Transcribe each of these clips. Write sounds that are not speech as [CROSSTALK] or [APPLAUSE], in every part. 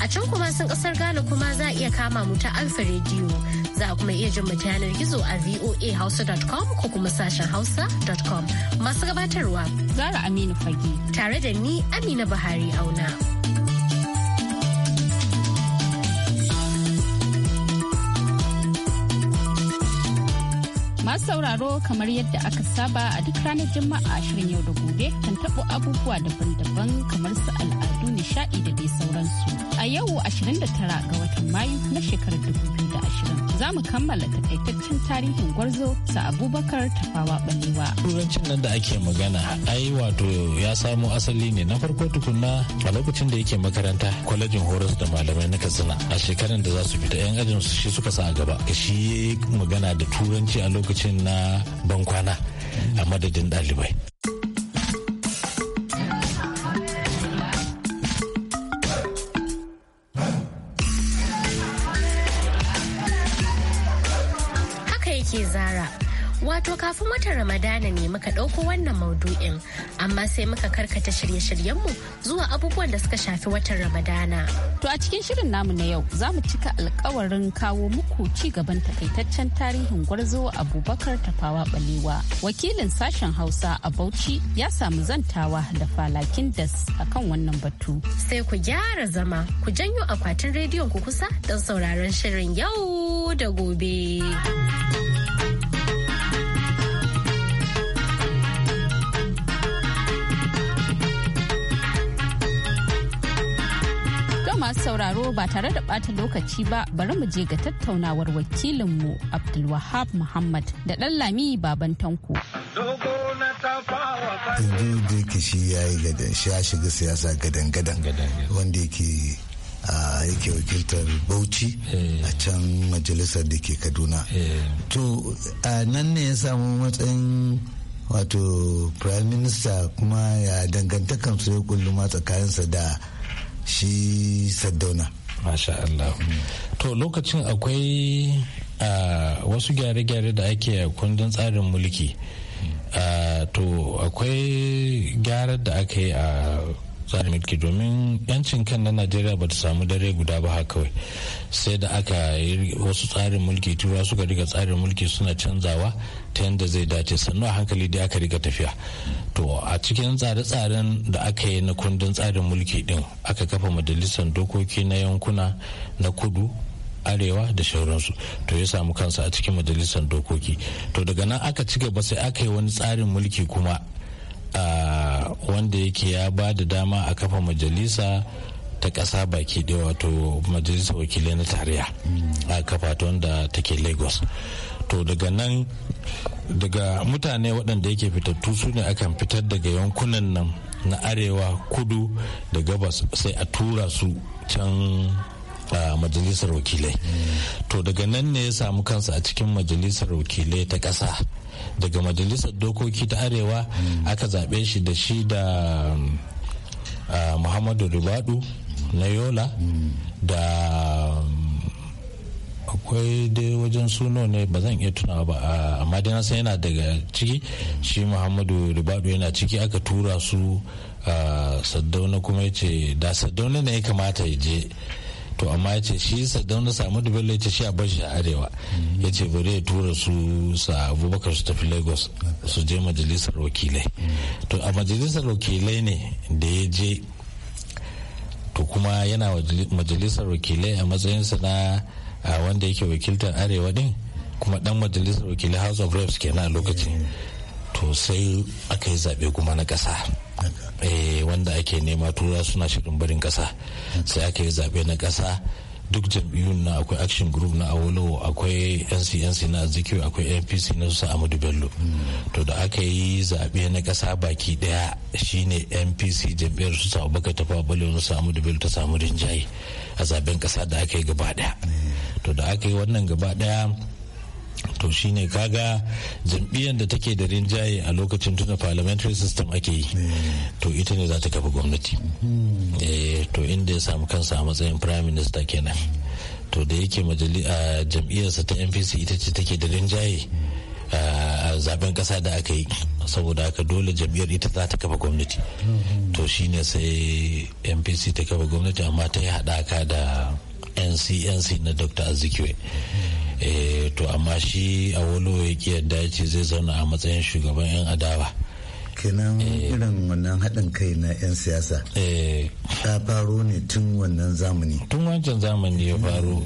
A can kuma sun kasar Ghana kuma za a iya kama mu ta Alfa rediyo Za a kuma iya jin mu yanar gizo a voahausa.com ko kuma sashen hausa.com. Masu gabatarwa. Zara Aminu Fage. Tare da ni Amina Buhari Auna. Masu sauraro kamar yadda aka saba a duk ranar Juma'a shirin yau da gobe kan tabo abubuwa daban-daban kamar su al'adu nishaɗi da dai sauransu. A yau 29 ga watan Mayu na shekarar 2020 za mu kammala takaitaccen tarihin gwarzo sa Abubakar Tafawa Balewa. Turancin nan da ake magana ai wato ya samo asali ne na farko tukunna a lokacin da yake makaranta kwalejin horas da malamai na Katsina a shekarar da za su fita 'yan ajin su shi suka sa a gaba. Shi magana da turanci a lokacin lokacin na bankwana a madadin ɗalibai. Haka yake zara. Wato kafin watan Ramadana ne muka ɗauko wannan maudu'in, amma sai muka karkata shirye-shiryenmu zuwa abubuwan da suka shafi watan Ramadana. To a cikin shirin namu na yau za mu cika alkawarin kawo muku ci gaban takaitaccen tarihin gwarzo Abubakar Tafawa Balewa. Wakilin sashen Hausa a Bauchi ya samu zantawa da falakin das akan wannan batu. Sai ku gyara zama, ku janyo akwatin rediyon ku kusa don sauraron shirin yau da gobe. masu sauraro ba tare da ɓata lokaci ba bari mu je ga tattaunawar wakilinmu Abdulwahab Muhammad da ɗan Lami Baban Tanko. Yanzu da yake shi ya yi gadan shi ya shiga siyasa gadan gadan wanda yake yake wakiltar Bauchi eh. a can majalisar da ke Kaduna. Eh. To nan ne ya samu matsayin wato prime minister kuma ya dangantakan su ya kulluma tsakaninsa da shi saddauna masha Allah to lokacin akwai wasu gyare-gyare da ake kundin tsarin mulki to akwai gyarar da aka yi a tsari mulki domin yancin kan na najeriya ba ta samu dare guda ba haka kawai sai da aka yi wasu tsarin mulki tura suka riga tsarin mulki suna canzawa ta yadda zai dace sannu a hankali da aka riga tafiya to a cikin tsare-tsaren da aka yi na kundin tsarin mulki din aka kafa majalisar dokoki na yankuna na kudu arewa da shauransu to ya samu kansa a cikin majalisar dokoki to daga nan aka ci gaba sai aka yi wani tsarin mulki kuma a wanda yake ya ba da dama a kafa majalisa ta ƙasa baki ɗaya wato majalisa wakilai na tarayya a kafa ta wanda take lagos to daga nan daga mutane waɗanda yake fitattu su ne akan fitar daga yankunan nan na arewa kudu da gabas sai a tura su can a majalisar wakilai to daga nan ne ya samu kansa a cikin majalisar wakilai ta ƙasa daga majalisar dokoki ta arewa aka zaɓe shi da shi da muhammadu rubadu na yola da akwai dai wajen suno ne ba zan iya tunawa ba amma dai na yana daga ciki shi muhammadu rubadu yana ciki aka tura su saddauna kuma ya ce da saddauna ne ya kamata ya je to amma ya ce shi sadauna samu da bello ya ce shi a bashi a arewa ya ce bari ya tura su sa abubakar su tafi lagos su je majalisar wakilai to a majalisar wakilai ne da ya je to kuma yana majalisar wakilai a matsayinsa na wanda yake wakiltar arewa din kuma dan majalisar wakilai house of reps kenan a lokacin to sai aka yi zaɓe kuma na ƙasa Eh, wanda ake nema tura suna shirin barin kasa sai aka yi zaɓe na kasa duk jam'iyyun na akwai action group na awolowo akwai ncnc na azikiwe akwai npc na su amadu bello to da aka yi zaɓe na ƙasa baki ɗaya shine npc jam'iyyar su sa abubakar tafa balewa na su amadu bello ta samu rinjaye a zaben ƙasa da aka yi gaba ɗaya to da aka yi wannan gaba ɗaya to shi ne kaga jam'iyyar da take da rinjaye a lokacin tuna parliamentary system ake yi hmm. to ita ne za ta kafa gwamnati hmm. eh, to inda ya samu kansa a matsayin prime minister kenan to da yake a jam'iyyarsa ta npc ita ce take da rinjaye a zaben kasa da aka yi saboda haka dole jam'iyyar ita za ta kafa gwamnati hmm. to shi ne sai npc ta kafa gwamnati amma ta yi haɗaka da ncnc na dr azikiwe Eh, to amma shi a wani ya ki yadda ce zai zauna a matsayin shugaban 'yan adawa kenan eh. irin wannan haɗin kai na 'yan siyasa eh. ta faro ne tun wannan zamani tun wancan zamani ya faro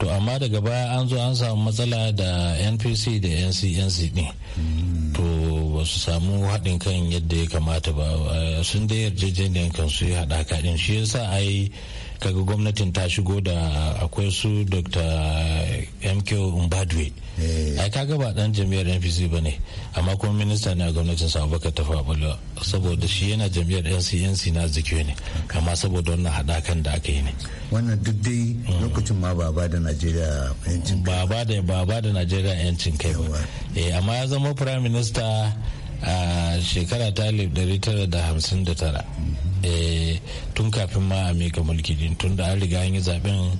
to amma daga baya an zo an samu matsala da npc da ncnc din hmm. to ba su samu haɗin kan yadda ya kamata ba eh, sun da yarjejeniyar kansu ya haɗa kaɗin shi yasa ai kaga gwamnatin ta shigo da akwai su dr mk mbadwe Eh. ai ka gaba dan jami'ar npc ba ne amma kuma minista ne a gwamnatin sa abubakar tafa balewa saboda shi yana jami'ar ncnc na zikiyo ne amma saboda wannan haɗakan da aka yi ne wannan duk dai mm. lokacin ma baba da najeriya yancin kai ba da baba da najeriya yancin kai ba eh, amma ya zama prime minister a shekara ta 1959 eh, tun kafin ma a mika mulki din tun da an riga an yi zaben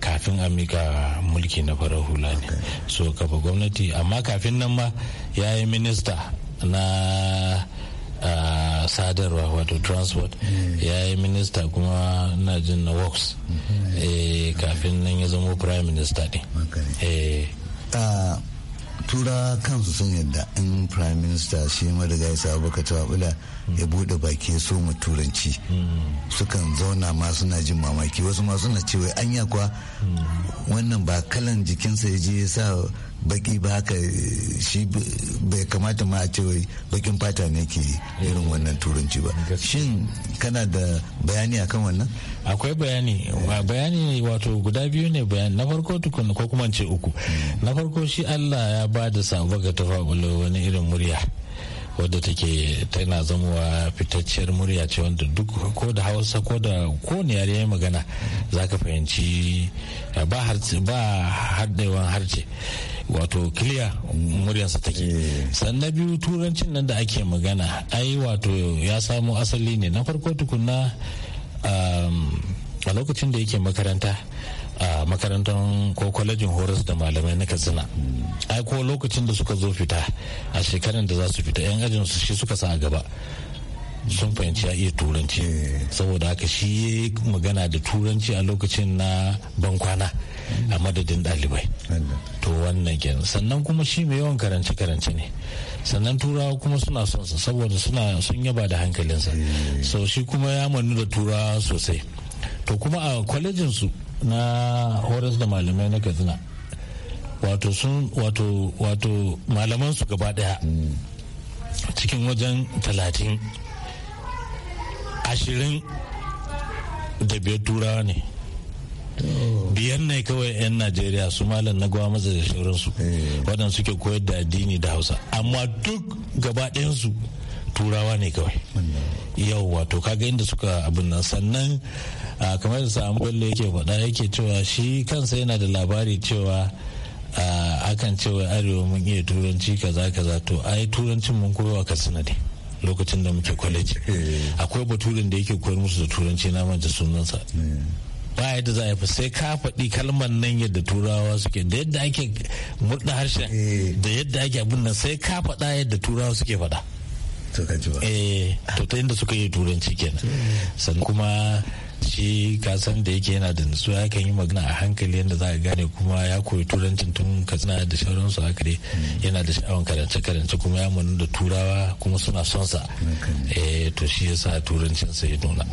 kafin a mika mulki na farar hula ne so kafa gwamnati amma kafin nan ma ya yi minista na sadarwa wato transport mm. ya yi minista kuma na jin na works mm-hmm. eh, kafin nan ya zama prime minister ne tura kansu sun yadda in prime minister shi sabu ka tawabula ya bude baki so mu turanci sukan zauna ma suna jin mamaki wasu ma suna cewa anya kuwa wannan ba kalan jikinsa ya je ya sa baki ba haka shi bai kamata ma a ce wai bakin fata ne ke irin wannan turanci ba shin kana da bayani akan wannan akwai bayani bayani wato guda biyu ne bayani na farko tukun ko kuma ce uku na farko shi Allah ya ba da sabo ga tafabulo wani irin murya wadda take tana zamowa fitacciyar murya ce wanda duk ko da hausa ko da ne yare magana za ka fahimci ba hardewan harce wato kiliya muryarsa take eh. sannan biyu turancin nan da ake magana ai wato ya samo asali ne na farko tukunna um, a lokacin da yake makaranta a makarantar ko kwalejin horas da malamai na katsina ai ko lokacin da suka zo fita a shekaran da za su fita yan ajin su shi suka sa a gaba sun fahimci a iya turanci saboda haka shi ya magana da turanci a lokacin na bankwana a madadin ɗalibai to wannan kenan sannan kuma shi mai yawan karance-karance ne sannan turawa kuma suna son sa saboda suna sun yaba da hankalinsa so shi kuma ya manu da turawa sosai to kuma a kwalejinsu na horas da malamai na katsina wato sun wato wato malaman su gaba daya cikin wajen talatin ashirin da biyar turawa ne biyar ne kawai 'yan najeriya su malam na gawa maza da shirinsu eh. waɗanda suke koyar da addini da hausa amma duk gaba ɗayansu turawa ne kawai yau wato kaga inda suka abin nan sannan kamar da sa'an bello yake faɗa yake cewa shi kansa yana da labari cewa akan cewa arewa mun iya turanci kaza kaza to ai turancin mun koyawa kasina ne lokacin da muke kwaleji eh. akwai baturin da yake koyar musu da turanci na manta sunansa eh. ba yadda za a sai ka faɗi kalmar nan yadda turawa suke da yadda ake murɗa harshen eh. da yadda ake abin nan sai ka faɗa yadda turawa suke faɗa to ta inda suka yi turanci kenan sannan kuma shi kasan da yake yana da nutsuwa yakan yi magana a hankali yadda za a gane kuma ya koyi turancin tun katsina da sauransu haka dai yana da sha'awar karance karance kuma ya manu da turawa kuma suna son sa eh, to shi yasa turancin sa ya nuna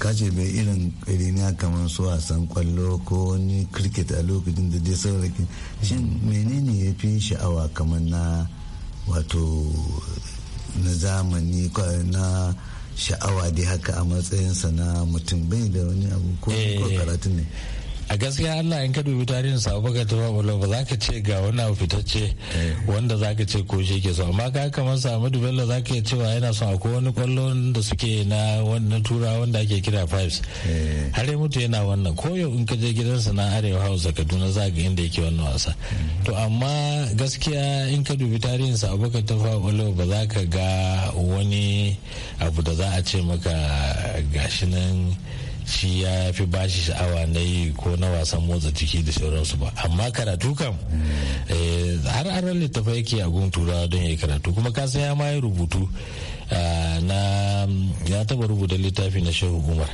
kace bai irin irina kamar su wasan kwallo ko wani cricket a lokacin da dai saurakin shin menene ya fi sha'awa kamar na wato na zamani na sha'awa dai haka a matsayinsa na mutum bai da wani abu ko eh. karatun ne a gaskiya Allah in ka dubi tarihin sa Abubakar Tafawa ba za ka ce ga wani abu fitacce wanda za ka ce ko shi ke so amma ka kamar Ahmadu Bello za ka cewa yana son akwai wani kwallo da suke na wani tura wanda ake kira fives eh. har ya mutu yana wannan ko yau in ka je gidansa na Arewa Hausa Kaduna za ga inda yake wannan wasa hmm. to amma gaskiya in ka dubi tarihin sa Abubakar Tafawa ba za ka ga wani abu da za a ce maka gashi shi ya fi bashi sha'awa na yi ko na wasan motsa jiki da sauransu ba amma karatu kam eh, har aron littafai yake a gun turawa don ya yi karatu kuma kasan ya ma yi rubutu Eh, na ya taba rubuta littafi na shehu umar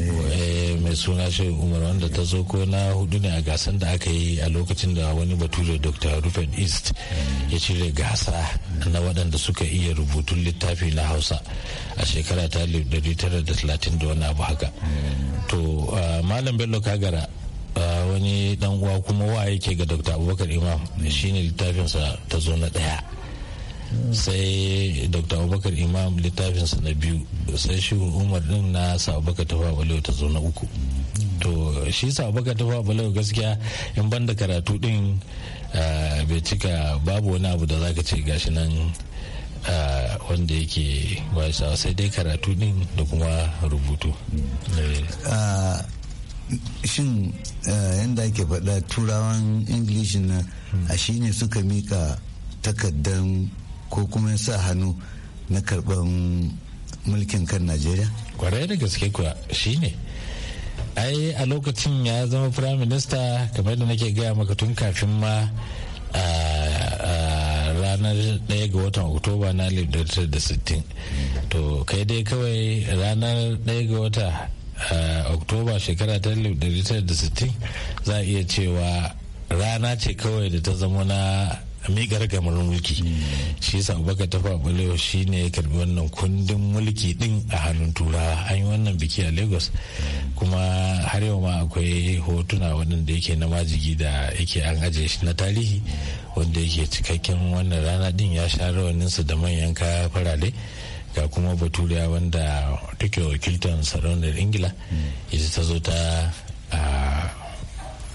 eh, mai suna shehu umar wanda ta zo ko na hudu ne a gasar da aka yi a lokacin da wani bature dr rufin east ya cire gasa na waɗanda suka iya rubutun littafi na hausa a shekara ta 1930 da wani abu haka to eh, malam bello kagara wani dan uwa kuma wa yake ga dr abubakar imam shine littafinsa ta zo na ɗaya sai dr abubakar imam littafinsa na biyu sai shi umar din na abubakar tafa balewa ta zo na uku to shi abubakar tafa balewa gaskiya in ban da karatu din bai cika babu wani abu da zaka ce gashi nan wanda yake wasa sai dai karatu din da kuma rubutu shin yadda ake faɗa turawan english na a shine suka mika takardar ko kuma ya sa hannu na karɓar mulkin kan najeriya kwarai da gaske kuwa shine ai a lokacin ya zama prime minister kamar da nake gaya maka tun kafin ma ranar 1 ga watan oktoba na 1960 to kai dai kawai ranar 1 ga wata oktoba shekara ta 1960 za a iya cewa rana ce kawai da ta zama na miƙa ragamar mulki shi yasa abubakar tafa balewa shi ne ya karbi wannan kundin mulki din a hannun turawa an yi wannan biki a lagos kuma har yau ma akwai hotuna waɗanda yake na majigi da yake an ajiye shi na tarihi wanda yake cikakken wannan rana din ya sha rawaninsa da manyan kaya farare ga kuma baturiya wanda take wakiltar sarauniyar ingila ita ta zo ta ah,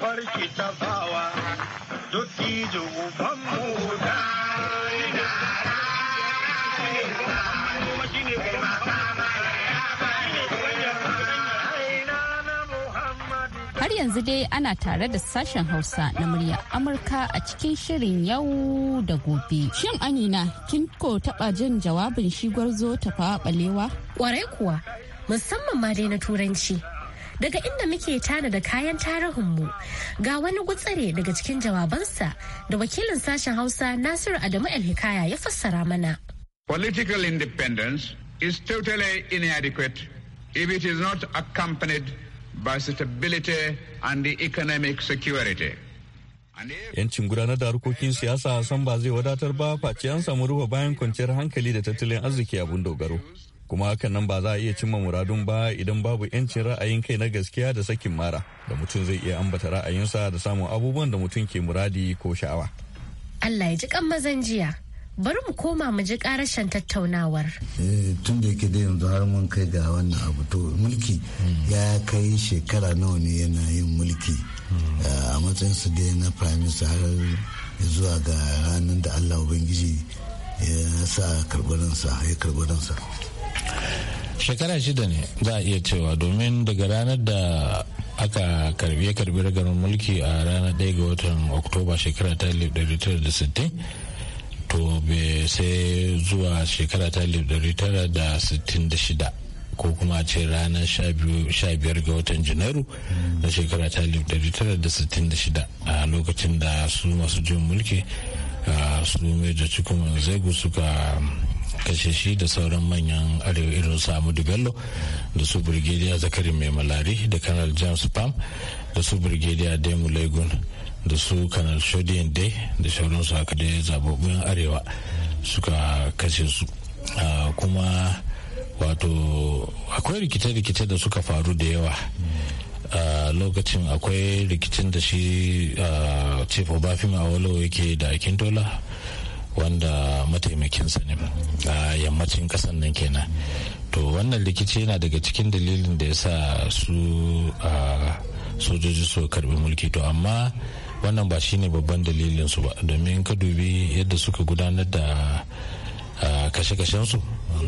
farki tafawa duk tijo ubanmu da yanzu dai ana tare da sashen Hausa na murya Amurka a cikin shirin yau da gobe. Shin Amina, kin ko taba jin jawabin shi gwarzo ta balewa? Kwarai kuwa, musamman ma dai na turanci. Daga inda muke tana da kayan tarihinmu ga wani gutsare daga cikin jawabansa da wakilin sashen Hausa Nasiru Adamu hikaya ya fassara mana. Political independence is totally inadequate if it is not accompanied stability and the economic security. Yancin gudanar da harkokin siyasa san ba zai wadatar ba face an samu ruwa bayan kwanciyar hankali da tattalin arziki abun dogaro. Kuma hakan nan ba za a iya cimma muradun ba idan babu yancin ra'ayin kai na gaskiya da sakin mara da mutum zai iya ambata ra'ayinsa da samun abubuwan da mutum ke muradi ko sha'awa. Allah ya ji kan mazan jiya. bari mu koma mu ji karashen tattaunawar. Eh, tun da yake da yanzu har mun kai ga wannan abu to mulki ya kai shekara nawa ne yana yin mulki eh, a matsayin su dai na prime minister har zuwa ga ranar da allah ubangiji ya sa karbaransa ya karbaransa shekara shida ne za a iya cewa domin daga ranar da aka karbi ya karbi ragar mulki a ranar 1 ga watan oktoba shekara ta 1960 to sai zuwa shekara ta shida ko kuma a ce ranar biyar ga watan janairu na shekara ta 1966 a lokacin da su masu jin mulki su major cikin zaigu suka kashe shi da sauran manyan arewa irin su Bello da su Brigadier Zakari Mai Malari da kanal James Pam da su Brigadier Demu Legun. da su kanal shodiyan dai da sauransu haka dai zababbin arewa suka kashe su ah, kuma wato akwai rikice-rikice da suka faru da yawa ah, lokacin akwai rikicin da shi ah, chief obafemi awolowo yake da akintola wanda mataimakinsa ne a yammacin kasan nan kenan to wannan rikici yana daga cikin dalilin da ya sa su sojoji su karbi mulki to amma wannan ba shine babban dalilin su ba domin ka dubi yadda suka gudanar da kashe-kashensu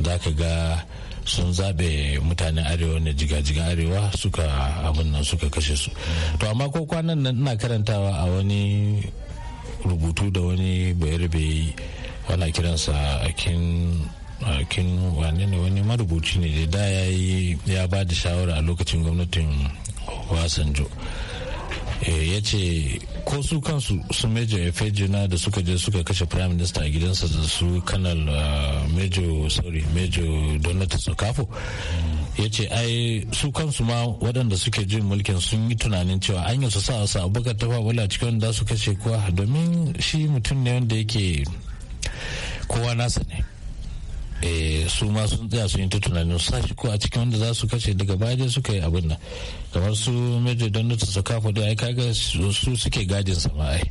za ka ga sun zaɓe mutanen arewa ne jigajigan arewa suka abin nan suka kashe su to amma ko kwanan nan ina karantawa a wani rubutu da wani bayarbe wana kiransa akin akin wane ne wani marubuci ne da ya yi ya ba da shawara a lokacin gwamnatin wasanjo Eh, ya ce ko su kansu su mejo efejina da suka je suka kashe prime minister a gidansa da su kanal ah, mejo sorry mejo donata sokafo ya ce ai su kansu ma waɗanda suke jin mulkin sun yi tunanin cewa an yi su sa su abubakar tafa wala cikin wanda su kashe kuwa domin shi mutum ne wanda yake kowa nasa ne Eh, su ma sun tsaya sun yi ta tunanin sashi ko a cikin wanda za su kashe daga baya dai suka yi abin nan kamar su major donald kafa da ai kaga su suke gadin sa ma ai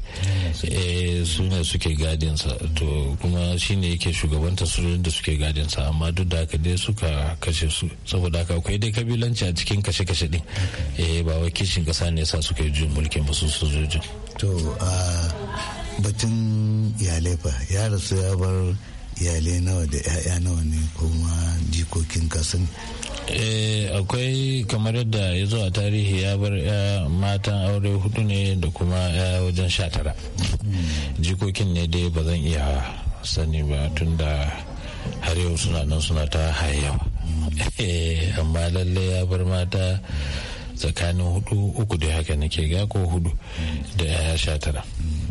eh, su ne suke gadin sa to kuma shine yake shugabanta su da suke gadin sa amma duk da haka dai suka kashe su saboda haka akwai dai kabilanci a cikin kashe kashe din eh ba wai kishin kasa ne yasa suka yi jin mulkin ba su sojojin to batun iyalai fa ya rasu ya bar iyalai nawa da 'ya'ya nawa ne kuma jikokin kasan eh, akwai kamar yadda ya zo a tarihi ya bar matan aure hudu ne da kuma ya wajen sha tara hmm. jikokin ne dai ba zan iya sani ba tun da har yau suna nan suna ta hayawa hmm. [LAUGHS] eh, amma lallai ya bar mata tsakanin hudu uku da haka nake ga ko hudu da ya sha tara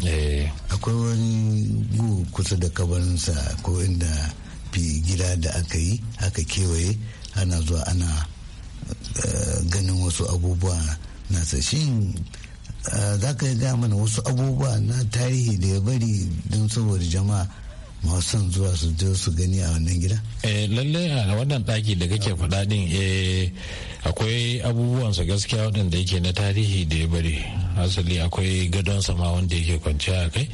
eh. akwai wani gu kusa da kabarinsa ko inda fi gida da aka yi aka kewaye ana zuwa ana eh, ganin wasu abubuwa nasa shi eh, za ka gaya mana wasu abubuwa na tarihi da ya bari don saboda jama'a masu son zuwa su je su gani a wannan gida? Eh lalle a wannan ɗaki da kake faɗa din eh akwai abubuwansa gaskiya waɗanda yake na tarihi da ya bari asali akwai gadon sama wanda yake kwanciya a kai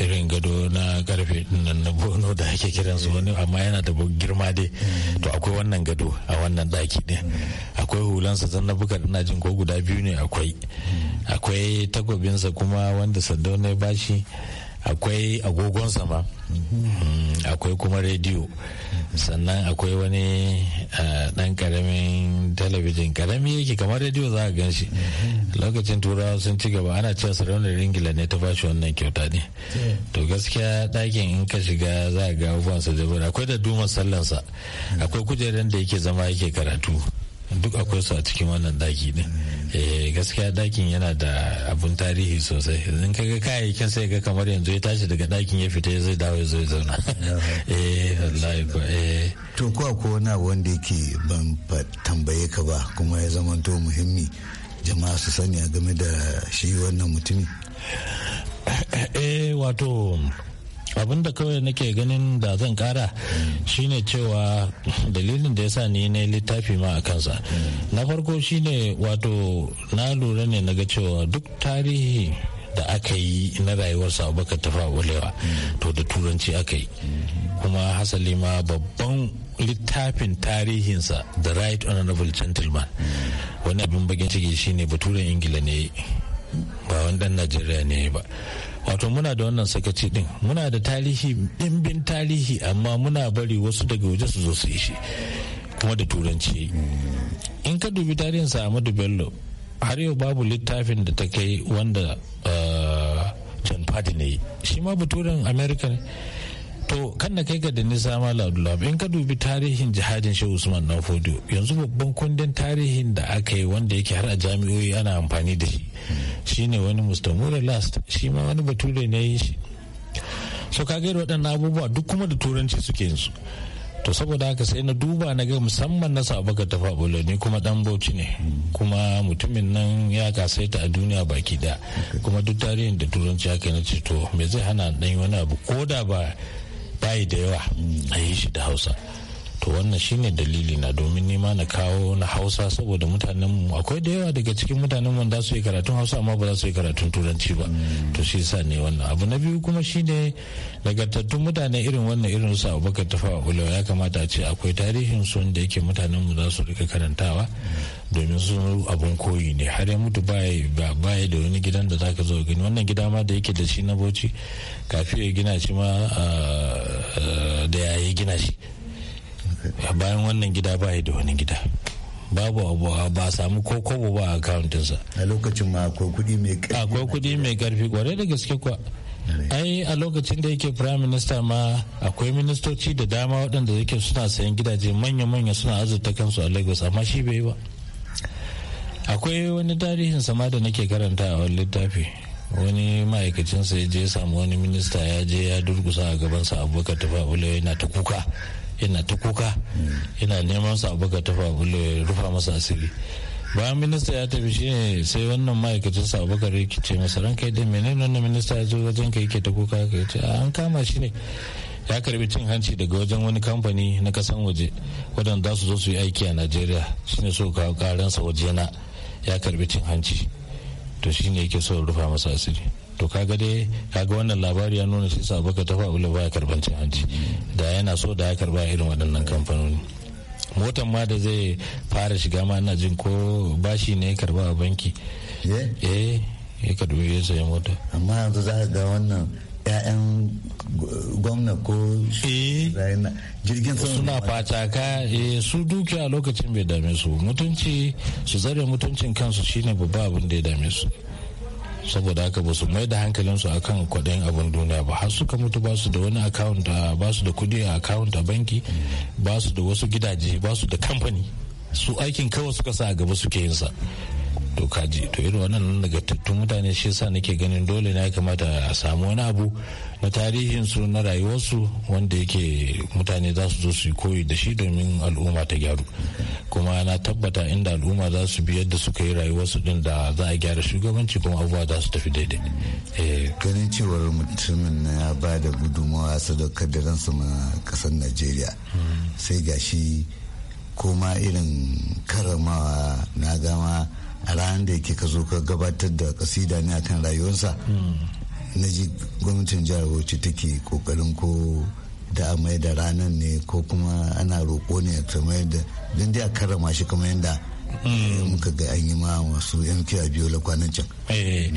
irin gado na karfe nan na bono da ake kiran su wani amma yana da girma dai to akwai wannan gado a wannan ɗaki din akwai hulansa zan na buka ina jin ko guda biyu ne akwai akwai sa kuma wanda sadau ne bashi akwai agogon sama mm, akwai kuma rediyo sannan akwai wani dan eh, karamin talabijin karami yake kamar rediyo za a gan shi lokacin turawa sun ci gaba ana cin sarauniyar ingila ne ta bashi wannan kyauta ne to gaskiya dakin in ka shiga za a ga abubuwan sa da akwai da duman sallansa akwai kujerar da yake zama yake karatu duk akwai su a cikin wannan daki din Eh, gaskiya dakin yana da abun tarihi sosai ka kaga kayayyakin sai ga kamar yanzu ya tashi daga dakin ya fita zai dawo ya zo ya zauna [LAUGHS] eh, eh. to ko ko na wanda yake ban tambaye ka ba kuma ya zamanto muhimmi jama'a su sani game da shi wannan mutumi eh wato abin da kawai nake ganin da zan kara shine cewa dalilin da ya sa ni ne littafi ma a kansa na farko shine wato na lura ne na ga cewa duk tarihi da aka yi na rayuwarsa abubakar tafa walewa to da turanci aka yi kuma hasali ma babban littafin tarihinsa the right honorable gentleman wani abin bagin ciki shine baturen ingila ne ba wani dan najeriya ne ba wato muna da wannan sakaci din muna da tarihi ɗimbin tarihi amma muna bari wasu daga waje su zo su yi shi kuma da turanci in ka dubi tarihin sa amadu Bello har yau babu littafin da ta kai wanda eh, John Paddy ne shi ma turan America ne to kan na kai ga da nisa mala abdullahi in ka dubi tarihin jihadin shehu usman na fodo yanzu babban kundin tarihin da aka yi wanda yake har a jami'oyi ana amfani da shi shine wani mustamura last shi ma wani bature ne yi shi so ka gaira waɗannan abubuwa duk kuma da turanci suke yanzu to saboda haka sai na duba na ga musamman na sabaka ta faɓulo ni kuma dan bauchi ne kuma mutumin nan ya ta a duniya baki da kuma duk tarihin da turanci haka na ce to me zai hana dan wani abu ko da ba bayi da yawa a yi shi da hausa to wannan shine dalili na domin nema na kawo na hausa saboda mutanen mu akwai da yawa daga cikin mutanen mu da su yi karatun hausa amma ba za su yi karatun turanci ba to shi sa ne wannan abu na biyu kuma shine nagartattun mutane irin wannan irin su abubakar tafawa ulo ya kamata a ce akwai tarihin su da yake mutanen mu za su rika karantawa domin su abun koyi ne har ya mutu baya da wani gidan da zaka zo gani wannan gida ma da yake da shi na boci kafin ya gina shi ma ah, ah, da yayi gina shi bayan wannan gida ba da wani gida babu abu ba samu ko kobo ba a akauntinsa a lokacin ma akwai kuɗi mai karfi akwai kudi mai karfi kwarai da gaske kuwa ai a lokacin da yake prime minister ma akwai ministoci da dama waɗanda yake suna sayan gidaje manya-manya suna azurta kansu a lagos amma shi bai ba akwai wani tarihin sama da nake karanta a wani littafi wani ma'aikacinsa ya je samu wani minista ya je ya durgusa a gabansa abubakar tafa yana ta kuka yana ta kuka yana neman su abu ka tafa bule rufa masa asiri bayan minista ya tafi shine sai wannan ma'aikacin sa abu kare ki ce masa ranka da menene wannan minista ya zo wajen ka yake ta kuka ka ce an kama shi ne ya karbi cin hanci daga wajen wani kamfani na kasan waje wadanda su zo su yi aiki a najeriya shine so sa karansa wajena ya karbi cin hanci to shine yake so rufa masa asiri to kaga dai kaga wannan labari ya nuna shi sa baka tafa ba baya karban cin hanci da yana so da ya karba irin waɗannan kamfanoni motan ma da zai fara shiga ma ina jin ko bashi ne ya karba a banki eh, eh ya karbi ya mota amma yanzu za ga wannan ya'yan gwamna ko eh. jirgin suna fataka eh, su dukiya lokacin bai dame su mutunci su zare mutuncin kansu shine babba abin da ya dame su saboda haka ba su mai da hankalinsu a kan kwaɗayin abin duniya ba har suka mutu ba su da wani account ba su da kudi a account a banki ba su da wasu gidaje ba su da kamfani su aikin kawai suka sa a gaba suke yinsa to kaji to irin wannan nagartattun mutane shi yasa nake ganin dole na kamata a samu wani abu na tarihinsu na rayuwarsu wanda yake mutane za su zo su yi koyi da shi domin al'umma ta gyaru kuma na tabbata inda al'umma za su bi yadda suka yi rayuwarsu din da za a gyara shugabanci kuma abubuwa za su tafi daidai eh. ganin cewar mutumin na ba da gudunmawa sadaukar da ransa ma kasar najeriya hmm. sai gashi koma irin karamawa na gama a ranar da yake ka zo ka gabatar da kasida ne akan rayuwarsa na ji gwamnatin jihar bauchi take kokarin ko da a mai da ranar ne ko kuma ana roƙo ne ta mai da don dai a karrama shi kamar yadda Eh, muka ga an yi ma masu yan a biyu la kwanan can eh,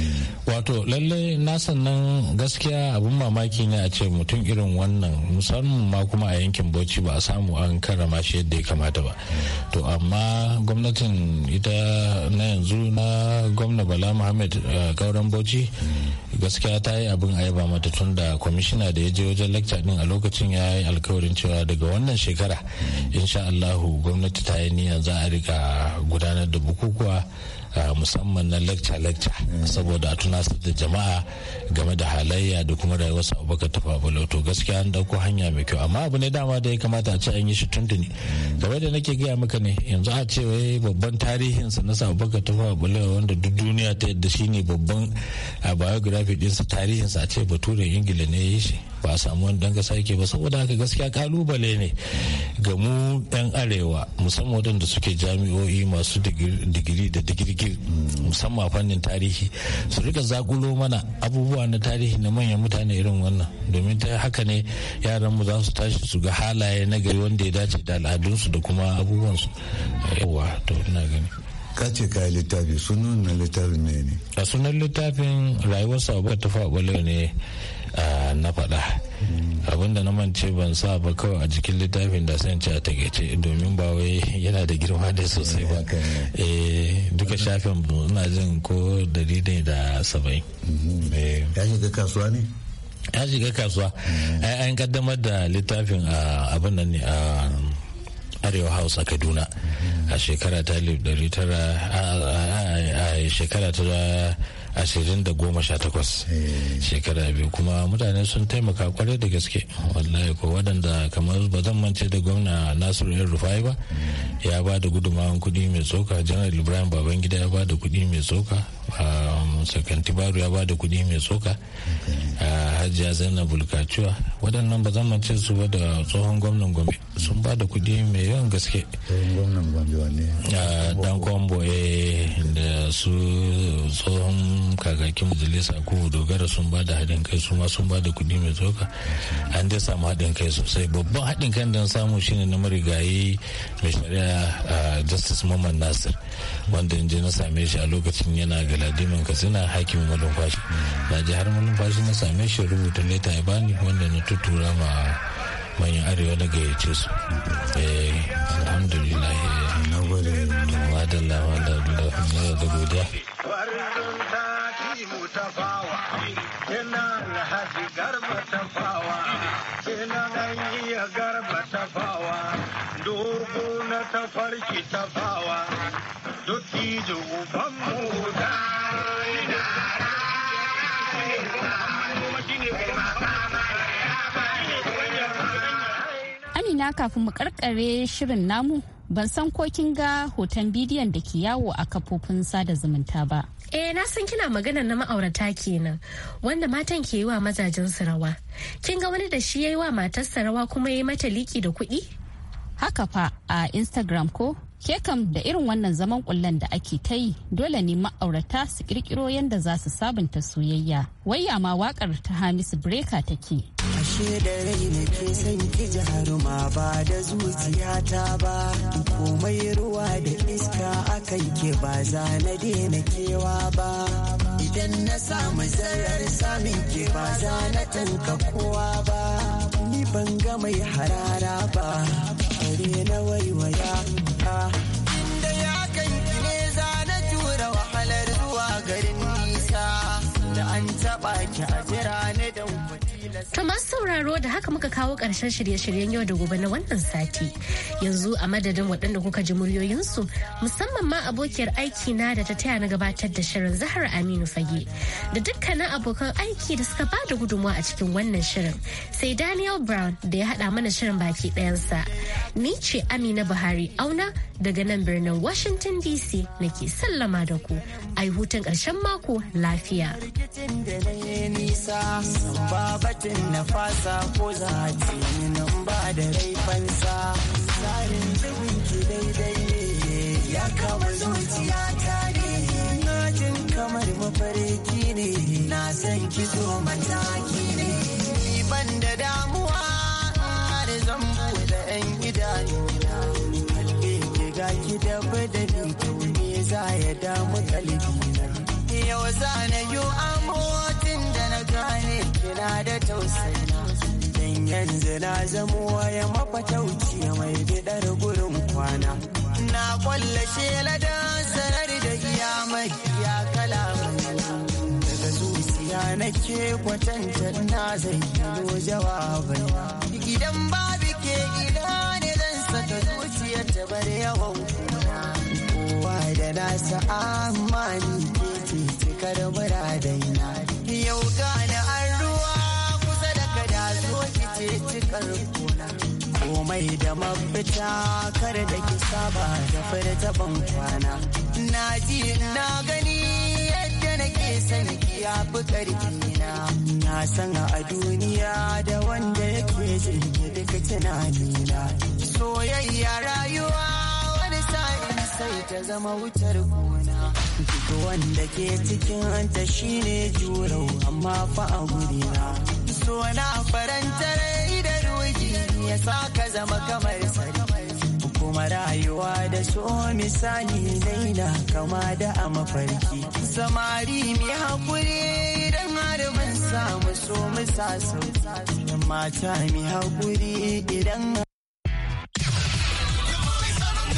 wato lalle na sannan gaskiya abin mamaki ne a ce mutum irin wannan musamman ma kuma a yankin bauchi ba a samu an karrama shi yadda ya kamata ba to amma gwamnatin ita na yanzu na gwamna bala muhammad eh, gauran bauchi gaskiya ta yi abin ayaba mata tun da kwamishina da ya je wajen lakca din a lokacin ya yi alkawarin cewa daga wannan shekara insha allahu gwamnati ta yi niyan za a rika gudanar da bukukuwa musamman na lecture-lecture saboda a tunasar da jama'a game da halayya da kuma rayuwar su abubakar tafabalo to gaskiya an dauko hanya mai kyau amma abu ne dama da ya kamata a ce an yi shi tun game da nake gaya maka ne yanzu a ce wai babban tarihin sa na abubakar tafabalo wanda duk duniya ta yadda shi ne babban biography ɗinsa tarihin sa a ce baturen ingila ne ya yi shi ba a samu wani dan kasa yake ba saboda haka gaskiya kalubale ne ga mu yan arewa musamman wadanda suke jami'o'i masu digiri da digiri suke musamman fannin tarihi su rika zakulo mana abubuwa na tarihi na manyan mutane irin wannan domin ta haka ne yaran mu za su tashi su ga halaye na gari wanda ya dace da al'adunsu da kuma abubuwansu yawa to ina gani ka ce ka yi littafi sunan littafin ne ne a sunan littafin rayuwar sabuwar tafa ne na faɗa abinda na mance ban sa ba kawai a jikin littafin da sai ci a takaice domin ba wai yana da girma da sosai ba eh, duka shafin ina jin ko dari ne da saba'in mm-hmm. eh. ya shiga kasuwa ne ya shiga kasuwa an kaddamar da littafin abin nan ne a arewa hausa a kaduna a shekara ta shekara ta ashirin da goma sha takwas eh. shekara biyu kuma mutane sun taimaka kwarai da gaske wallahi ko waɗanda kamar ba zan mance da gwamna nasiru yan rufai ba ya ba da gudunmawan kuɗi mai tsoka janar ibrahim babangida ya ba da kuɗi mai tsoka Um, sakanti baro ya bada kuɗi mai tsoka uh, hajiya zainab bulkaciwa waɗannan ba zan mace su ba da tsohon gwamnan gombe sun bada kuɗi mai yawan gaske uh, dan kwambo eh, da su tsohon kakakin majalisa ko dogara sun bada haɗin kai su ma sun bada kuɗi mai tsoka an dai samu haɗin kai sosai babban haɗin kan da samu shine na marigayi mai shari'a uh, justice mamman nasir wanda in je na same shi a lokacin yana galadiman katsina hakim malumfashi na je har malumfashi na same shi rubuta leta ya bani wanda na tuttura ma manyan arewa na gayyace su eh, alhamdulillah na gode madalla madalla da godiya garba tafawa, durgu na tafarki tafawa, Amina kafin mu karkare shirin namu ban san ko kin ga hoton bidiyon da ke yawo a kafofin sada zumunta ba. Eh na san kina magana na ma'aurata kenan wanda matan ke yi wa mazajen sarawa, Kin ga wani da shi ya yi wa matarsa rawa kuma ya yi mata liki da kuɗi? Haka fa a Instagram ko ke kam da irin wannan zaman kullen da ake ta yi dole ne ma'aurata su kirkiro yadda za su sabunta soyayya wayya ma wakar ta hamisu breka take ashe da rai na ke son ki jaruma ba da zuciyata ba komai ruwa da iska akan ke ba za na daina kewa ba idan na samu zarar samin ke ba za na tanka kowa ba ni ban ga mai harara ba kare na waiwaya ka inda ya kan kine za na tura wahalar zuwa garin nisa da an taɓa ki a jira ne To masu sauraro da haka muka kawo ƙarshen shirye-shiryen yau da gobe na wannan sati. Yanzu a madadin waɗanda kuka ji muryoyinsu musamman ma abokiyar aiki na da ta taya na gabatar da shirin zahra Aminu Fage da dukkanin abokan aiki da suka ba da gudunmawa a cikin wannan shirin sai Daniel Brown da ya haɗa mana shirin baki ɗayansa. Ni ce Amina Buhari auna daga nan birnin Washington DC na ke sallama da ku. Ai hutun ƙarshen mako lafiya. satin na fasa ko za a ce ba da rai fansa tsarin ki daidai ne ya kama zuciya ta ne na kamar mafariki ne na san ki zo mataki ne ban da damuwa da zan da yan idanu na kalbe ki ga ki da badani to za ya damu kalbi na yau za na yi amotin da na gane yana da tausayi dan yanzu na zamo waya mafatauci mai bidar gurin kwana na kwalla shela da sanar da iyamai ya kala daga zuciya ke kwatanta na zai yi jawabai gidan babu ke gida ne zan saka zuciya ta bar yawan kowa da nasa amani ke ce karbar mai da mafita kar da ki saba da furta ban kwana na ji na gani yadda nake san ki ya fi karfi na na san a duniya da wanda yake jin ki duka tunanina soyayya rayuwa wani sa'in sai ta zama wutar gona duk wanda ke cikin anta shine jurau amma fa a gurina so na farantare ya ka zama kamar sarki kuma rayuwa da so misali laila kama da a mafarki samari mai haƙuri har ban samu so mu sa mata mai haƙuri idan